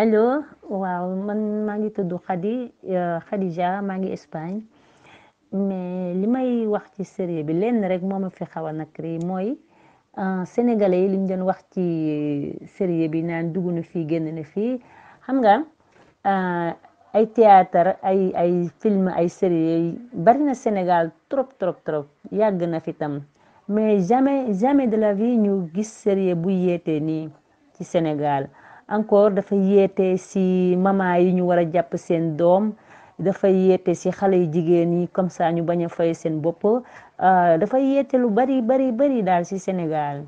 allo waaw man maa ngi tudd Khady euh, Khadija maa ngi Espagne mais li may wax ci série bi lenn rek moom fi xaw a nakari mooy euh, sénégalais yi liñ doon wax ci série bi naan dugg na fii génn na fii xam nga euh, ay théâtre ay ay film ay série bari na Sénégal trop trop trop yàgg na fi tam mais jamais jamais de la vie ñu gis série bu yeete nii ci Sénégal. encore dafa yéete si mama yi ñu war a jàpp seen doom dafa yéete si xale yu jigéen yi comme ça ñu bañ a fay seen bopp euh, dafa yéete lu bari bari bari daal si Sénégal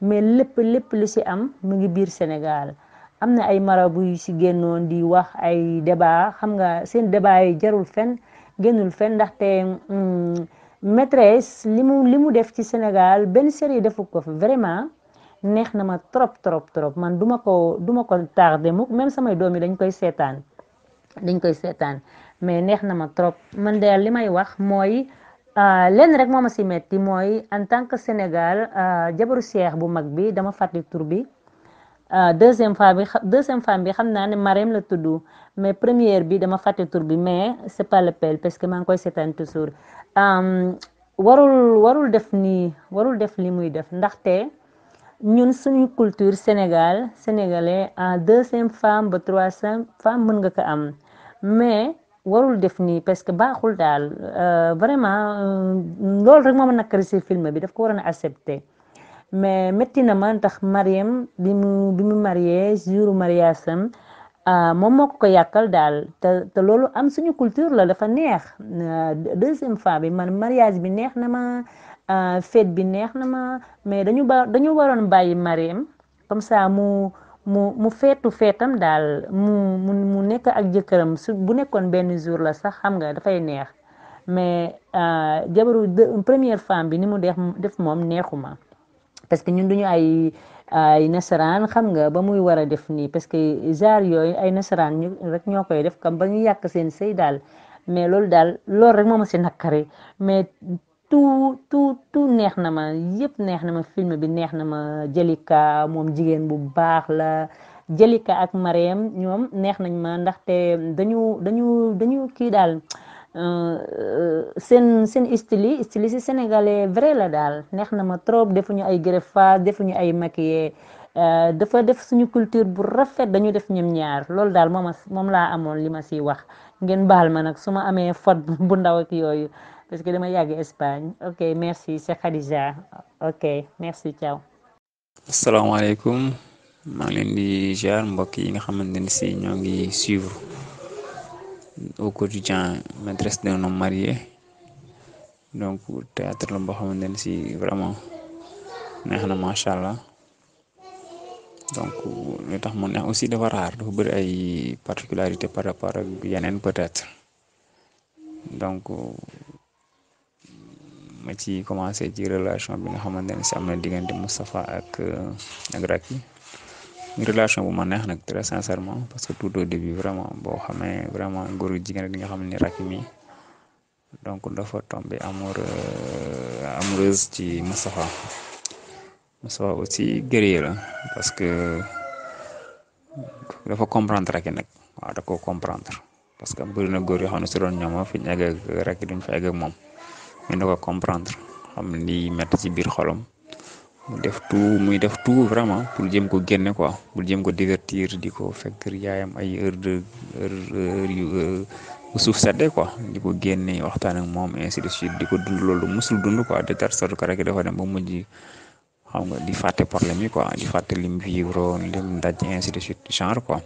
mais lépp lépp lu si am mu ngi biir Sénégal am na ay marabu yu si génnoon di wax ay débat xam nga seen débat yi jarul fenn génnul fen ndaxte hmm, maîtresse li mu li mu def ci Sénégal benn série defu ko fa vraiment neex na ma trop trop trop man duma ko duma ko tardé mu même samay doom yi dañ koy seetaan dañ koy seetaan mais neex na ma trop man de li may wax mooy euh, lenn rek moo ma si metti mooy en tant que Sénégal euh, jabaru Cheikh bu mag bi dama fàttali tur bi euh, deuxième femme bi deuxième femme bi xam naa ne Marème la tuddu mais première bi dama fàttali tur bi mais c'est pas le pelle parce que maa ngi koy seetaan toujours warul warul def nii warul def li muy def ndaxte. ñun suñu culture Sénégal sénégalais en deux cent femmes ba trois cent femmes mën nga ko am mais warul def nii parce que baaxul daal euh, vraiment euh, loolu rek moo na nakkari si bi daf ko waroon a accepter mais métti na ma ndax Mariam bi mu bi mu marié jour mariage Euh, moom moo ko ko yàqal daal te te loolu am suñu culture la dafa neex euh, deuxième fois bi man mariage bi neex na ma euh, fête bi neex na ma mais dañu ba dañu waroon bàyyi mariem comme sax mu mu mu feetu feetam daal mu mu mu nekk ak jëkkëram su bu nekkoon benn jour la sax xam nga dafay neex mais jabaru première femme bi ni mu def def moom neexuma parce que ñun duñu ay ay nasaraan xam nga ba muy war a def nii parce que genre yooyu ay nasaraan rek ñoo koy def kam ba ñu yàq seen sëy daal mais loolu daal loolu rek moo ma si nakkari mais tout tout tout neex na ma yëpp neex na ma film bi neex na ma Jalika moom jigéen bu baax la Jalika ak Mariam ñoom neex nañ ma ndaxte dañu dañu dañu kii daal Euh, euh, seen seen style yi style si sénégalais vrai la daal neex na ma trop defuñu ay greffage defuñu ay maquillé euh, dafa def suñu culture bu rafet dañu def ñoom ñaar lool daal moom moom laa amoon li ma siy wax ngeen baal ma nag su ma amee fot bu ndaw ak yooyu parce que dama yàgg Espagne ok merci c'est Khadija ok merci ciao. asalaamaaleykum maa ngi leen di ziar mbokk yi nga xamante ne si ñoo ngi suivre. au quotidien maîtresse d'un homme marié donc théâtre la boo xamante ne si vraiment neex na macha allah donc li tax mu neex aussi dafa raar dafa bëri ay particularité par rapport ak yeneen peut-être donc ma ci commencé ci relation bi nga xamante ne si am na diggante Moustapha ak euh, ak Racky relation bu ma neex nag très sincèrement parce que tout au début vraiment boo xamee vraiment góor jigéen di nga xam ni rakk donc dafa tombé amoureux euh, amoureuse ci Moustapha Moustapha aussi guerrier parce que dafa comprendre rakk nag waaw da ko comprendre parce que bëri na góor yoo xam ne su doon ñoom fi ñu egg ak fa egg ak moom ñu ko comprendre xam lii metti ci biir xolom mu def tout muy def tout vraiment pour jëm ko génne quoi pour jéem ko divertir di ko fekk yaayam ay heure de heure yu euh, suuf sedde quoi di ko génne waxtaan ak moom ainsi de suite di ko dund loolu musul dund quoi de telle sorte que rek dafa dem ba mujj xam nga di fàtte problème yi quoi di fàtte lim vivroon lim daj ainsi de suite genre quoi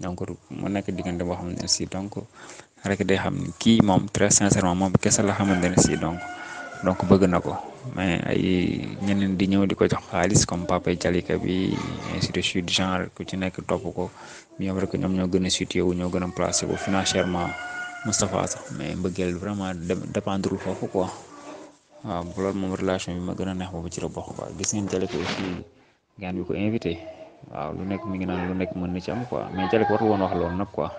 donc mu nekk diggante boo xamante ne si donc rek day xam ni kii moom très sincèrement moom kese la xamante ne si donc donc bëgg na ko. mais ay ñeneen di ñëw di ko jox xaalis comme Pape Jalika bi ainsi de genre ku ci nekk topp ko bien vrai que ñoom ñoo gën a situé wu ñoo gën a placé wu financièrement Moustapha sax mais mbëggeel vraiment dépendre foofu quoi waaw loolu moom relation bi ma gën a neex boobu ci la bokk quoi gis ngeen Jalika aussi gaan bi ko invité waaw lu nekk mi ngi naan lu nekk mën na ci am quoi mais Jalika warul woon wax lool nag quoi.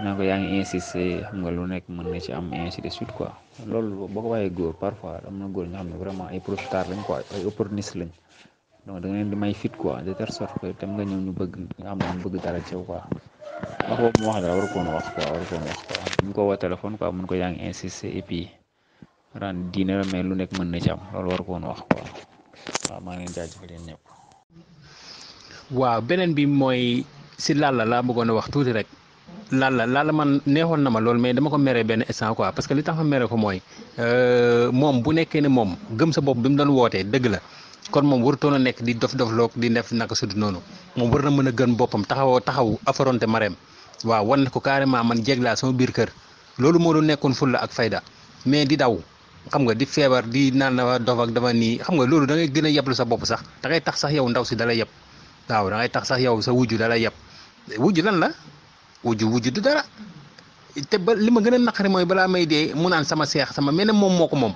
naa ko yaa ngi insisté xam nga lu nekk mën na ci am ainsi de suite quoi loolu boo ko bàyyee góor parfois am na góor ñoo xam ne vraiment ay profiteurs lañ quoi ay opportunistes lañ donc da di may fit quoi de telle sorte que tam nga ñëw ñu bëgg nga xam ne bëgg dara ci yow quoi wax boobu mu wax dara war koon wax quoi war ko woo téléphone quoi mun ko yaa ngi insisté et puis ren diine la mais lu nekk mën na ci am war koon wax quoi waaw maa ngi leen jaajëfal waaw beneen bi mooy si lalla laa bëggoon a wax tuuti rek. Lalla Lalla man neexoon na ma loolu mais dama ko mere benn instant quoi parce que li tax ma mere ko mooy euh, moom bu nekkee ne moom gëm sa bopp bi mu doon wootee dëgg la kon moom warutoon a nekk di dof dof loog di def naka sudu noonu moom war na mën a gën boppam taxawoo taxaw affronté mareem waaw wan na ko carrément man jéeg biir kër loolu moo doon nekkoon la ak fayda mais di daw xam nga di feebar di naan dafa dof ak dafa nii xam nga loolu dangay ngay gën a yeblu sa bopp sax da tax sax yow ndaw si dalay yeb waaw da tax sax yow sa wujju dalay yeb wujju lan la wuju wuju du dara te ba li ma gën a naqari mooy balaa may dee mu naan sama seex sama mene moom moo ko moom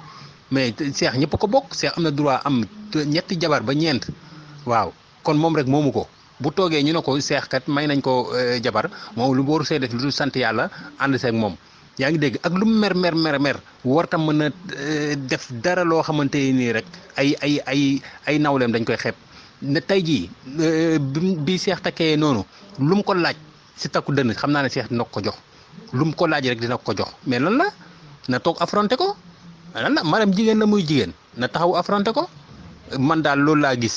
mais seex ñëpp ko bokk seex am na droit am ñetti jabar ba ñeent waaw kon moom rek moomu ko bu toogee ñu ne ko seex may nañ ko euh, jabar moom lu booru see def lu dul sant yàlla ànd seeg moom yaa ngi dégg ak lu mu mer mer mer mer war tam mën a euh, def dara loo xamante nii rek ay ay ay ay nawleem dañ koy xeeb na tey jii euh, bi seex takkee noonu lu mu ko laaj si takku dënn xam naa ne seex dina ko jox lu mu ko laaj rek dina ko jox mais lan la na toog affronté ko lan la maram jigéen la muy jigéen na taxaw affronté ko man daal loolu laa gis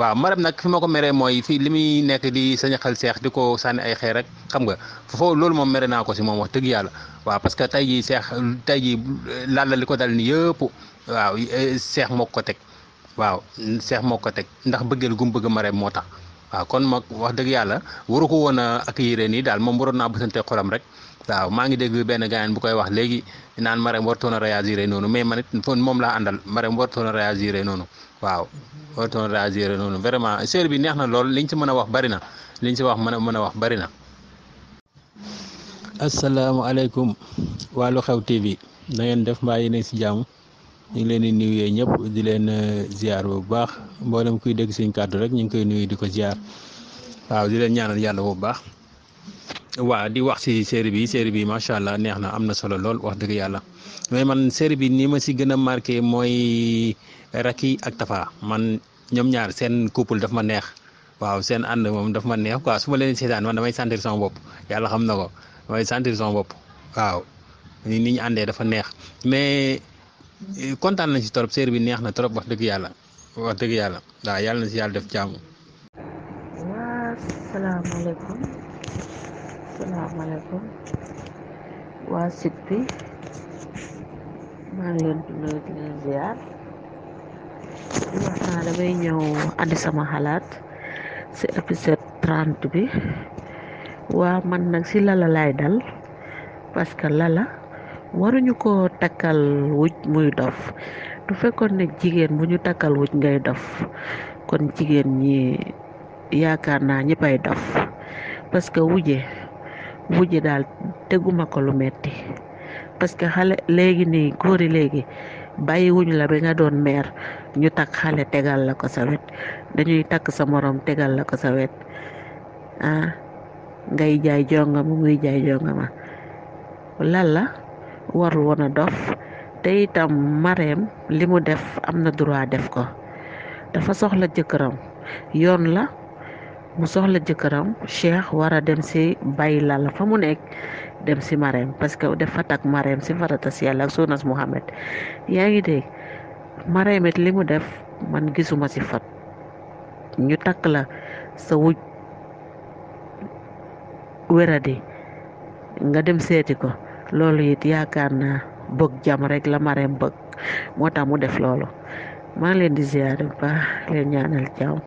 waaw maram nag fi ma ko meree mooy fii li muy nekk di sañ xel seex di ko sànni ay xeer rek xam nga foofu loolu moom mere naa ko si moom wax dëgg yàlla waaw parce que tey jii seex tey jii laala li ko dal ni yëpp waaw seex mook ko teg waaw seex moo ko teg ndax bëggeel gum bëgg maram moo tax waaw kon mag wax dëgg yàlla waru ko woon a ak yére nii daal moom waroon naa bësante xolam rek waaw maa ngi dégg benn gaañan bu koy wax léegi naan Marème wartoon a réagir noonu mais man moom laa àndal Marème wartoon a noonu waaw wartoon a noonu vraiment série bi neex na lool liñ ci mën a wax bari na liñ si wax mën a mën a wax bari na. asalaamaaleykum wàllu xew TV na ngeen def mbaa yéen si jàmm. ñu ngi leen di nuyu ñëpp di leen euh, ziar bu baax mboolem kuy dégg suñ kàddu rek ñu ngi koy nuyu di ko ziar waaw di leen ñaanal yàlla bu baax waaw di wax ci série bi série bi macha allah neex na am na solo lool wax dëgg yàlla mais man série bi ni ma si gën a marqué mooy Racky ak Tafa man ñoom ñaar seen couple daf ma neex waaw seen ànd moom daf ma neex quoi su ma leen seetaan man damay sentir sama bopp yàlla xam na ko damay sentir bopp waaw ni ñu àndee dafa neex Eh, kontaan nañ ci trop séer bi neex na trop wax dëgg yàlla wax dëgg yàlla yàlla na si yàlla def jaamu. waa salaamaaleykum bi maa ngi leen di nuyu leen ziar di wax naa damay ñëw andi sama xalaat si épisode trente bi waa man nag si lala laay dal parce lala. waruñu ko takkal wuj muy dof du fekkoon ne jigéen bu ñu takkal wuj ngay dof kon jigéen ñi yaakaar naa ñëppay dof parce que wuje wuje daal teguma ko lu metti parce que xale léegi nii góori léegi bàyyiwuñ la ba nga doon meer ñu takk xale tegal la ko sa wet dañuy takk sa moroom tegal la ko sa wet ah ngay jaay jongama muy jaay jongama lan la warul woon a dof te itam mareem li mu def am na droit def ko dafa soxla jëkkëram yoon la mu soxla jëkkëram Cheikh war a dem si bàyyi lala fa mu nekk dem si mareem parce que dafa takk mareem si farata si yàlla ak sunas Muhammad yaa ngi dégg mareem li mu def man gisuma ci fat ñu takk la sa wuj wéradi nga dem seeti ko loolu it yaakaar naa bëg jàmm rek la Marème bëgg moo tax mu def loolu maa leen di bu baax leen ñaanal jàmm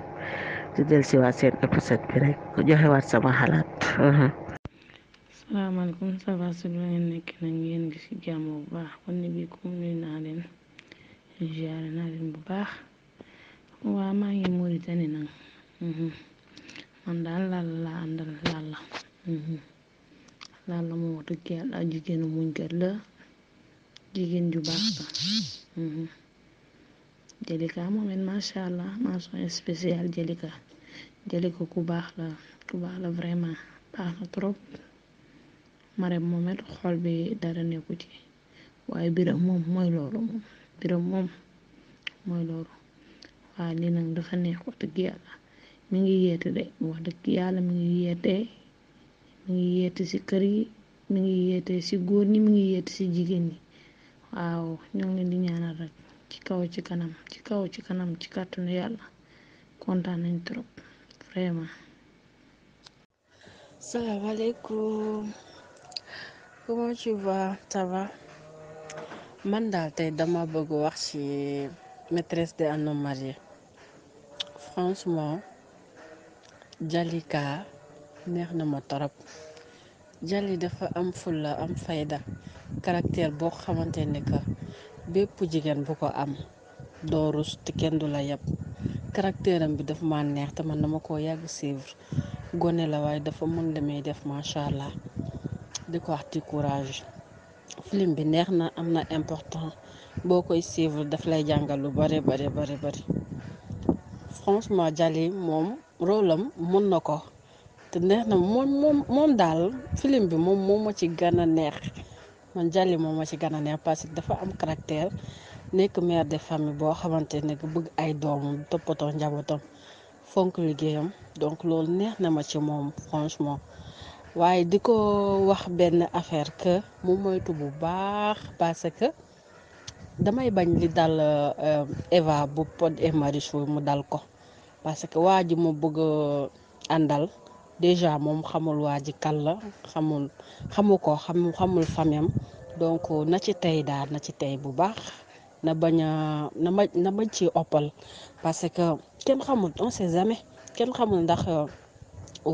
di dellusiwaat seen épisode bi rek joxewaat sama xalaat. Uh-huh. salaamaaleykum ça va su ngeen nekk na ngeen gis ci bu baax kon ni bii comme nuyu naa leen waa maa ngi Mauritanie nag uh-huh. man daal laal la àndal laal la. laal la moom wax dëgg yàlla ak jigéenu muñkat la jigéen ju baax la mhm. Jalika moom it macha allah mention spécial Jalika Jalika ku baax la ku baax la vraiment baax na trop Marème moom it xol bi dara nekku ci waaye biram moom mooy loolu moom biram moom mooy loolu waaye lii nag dafa neex wax dëgg yàlla mi ngi yeete de wax dëgg mi ngi yeete mi ngi yeete ci kër mi ngi yeete ci góor ni mi ngi yeete ci jigéen ñi waaw ñoo ngi leen di ñaanal ci kaw ci kanam ci kaw ci yàlla kontaan nañ trop vraiment. salaamaaleykum comment tu vas ça man daal tey dama bëgg wax ci maîtresse d'un franchement Jalika. neex na ma torop Dialy dafa am fulla am fayda caractère boo xamante ne que bépp jigéen bu ko am doo rus kenn du la yab caractère bi dafa ma neex te na ma ko yàgg suivre gone la waaye dafa mën la def macha allah di ko wax ci courage film bi neex na am na important boo koy suivre daf lay jàngal lu bare bare bare bare franchement Dialy moom rôle mën na ko. neex na moom moom moom daal film bi moom moom ma ci gën a neex man jàlli moom ma ci gën a neex parce que dafa am caractère nekk mère de famille boo xamante ne bëgg ay doomam toppatoo njabootam fonk liggéeyam donc loolu neex na ma ci moom franchement waaye di ko wax benn affaire que mu moytu bu baax parce que damay bañ li dal euh, Eva bu Pod et Marichou mu dal ko parce que waa ji mu bëgg àndal déjà moom xamul waa kal la xamul xamu ko xam xamul famem donc na ci tey daal na ci tey bu baax na bañ na ma na bañ ci oppal parce que kenn xamul on sait jamais kenn xamul ndax euh,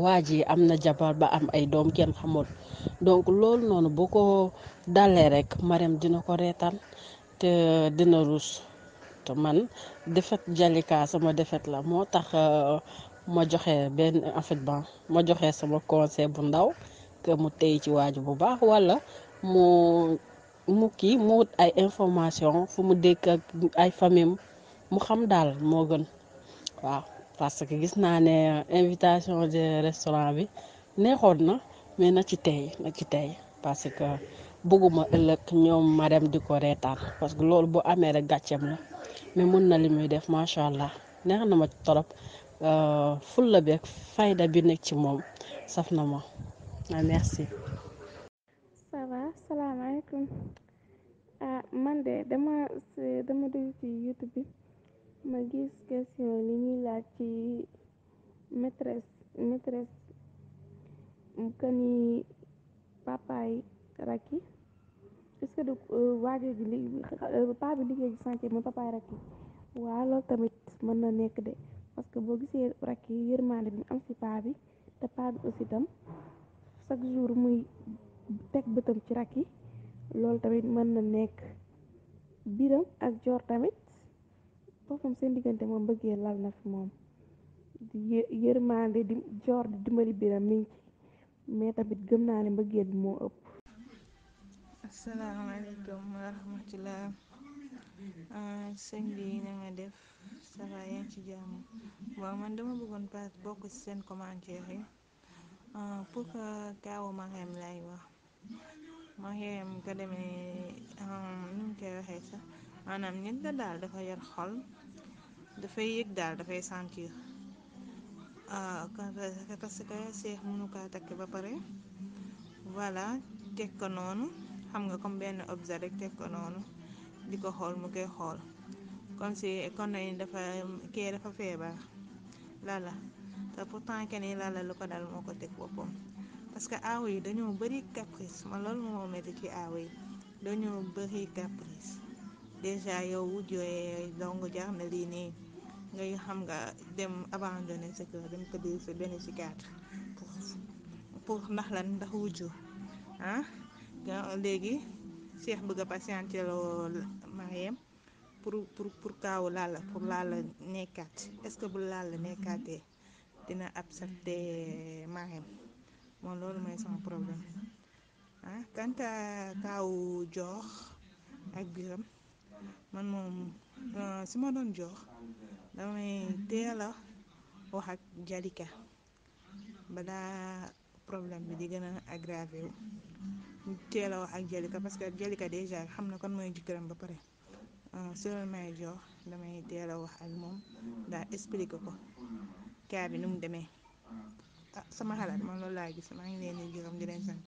waa am na jabar ba am ay doom kenn xamul donc loolu noonu boo ko dalee rek Marème dina ko reetaan te dina rus te man defet Jalika sama defet la moo tax euh, ma joxe benn en fait ma joxe sama conseil bu ndaw que mu tey ci waaju bu baax wala mu mu kii mu wut ay information fu mu dëkk ak ay famille mu xam daal moo gën waaw parce que gis naa ne invitation de restaurant bi neexoon na mais na ci tey na ci tey parce que bëgguma ëllëg ñoom ma dem di ko reetaan parce que loolu boo amee rek gàcceem la mais mun na li muy def macha allah neex na ma ci torop Euh, fulla bi ak fayda bi nekk ci moom saf na ma ah, merci. ça va salaamaaleykum ah, man de dama dama ci YouTube bi ma gis question li ñuy laaj ci maîtresse maîtresse que ni papaay Racky euh, euh, paa bi liggéey ci chantier mooy papaay Racky waaw loolu tamit mën na nekk de. parce que boo gisee rakk yi yërmande bi mu am ci paa bi te paa aussi tam chaque jour muy teg bëtam ci rakk yi loolu tamit mën na nekk biram ak joor tamit boppam seen diggante moom bëggee lal na fi moom yërmande di joor di dimbali biram mi ngi ci mais tamit gëm naa ne mbëggeel bi moo ëpp asalaamaaleykum wa rahmatulah ah, sëñ bi na def va yaa ngi ci jàmm waaw man dama bëggoon pass bokk ci seen commentaire yi euh, pour que kaawu Mariam lay wax Mariam ko demee euh, nu mu koy waxee sax maanaam nit la daal dafa yar xol dafay yëg daal dafay sentir euh, parce que seex mënu kaa takk ba pare voilà teg ko noonu xam nga comme benn objet rek teg ko noonu di ko xool mu koy xool comme si kon nañu dafa kii dafa feebar lala te pourtant kenn yi lala lu ko dal moo ko teg boppam parce que aaw yi dañoo bëri caprice man loolu moo metti ci aaw yi dañoo bëri caprice déjà yow wujjooyee dong jar na lii nii ngay xam nga dem abandonné sa kër dem tëdd sa benn ci quatre pour pour ndax la ndax wujju ah léegi Cheikh bëgg a patienté loo Mariam pour pour pour kaawu Lalla pour Lalla ah. nekkaat est-ce que bu Lalla nekkaatee dina accepté Marème moom loolu mooy sama problème ah quant à kaawu jox ak biram man moom euh, si ma doon jox damay teel a wax ak Jalika balaa problème bi di gën a aggravé wu wax ak Jalika parce que Jalika déjà xam na kon mooy jëkkëram ba pare su la may jox damay teel a wax ak moom daal expliqué ko kaa bi nu mu demee ah sama xalaat man loolu laa gis maa ngi leen di gërëm di leen sant.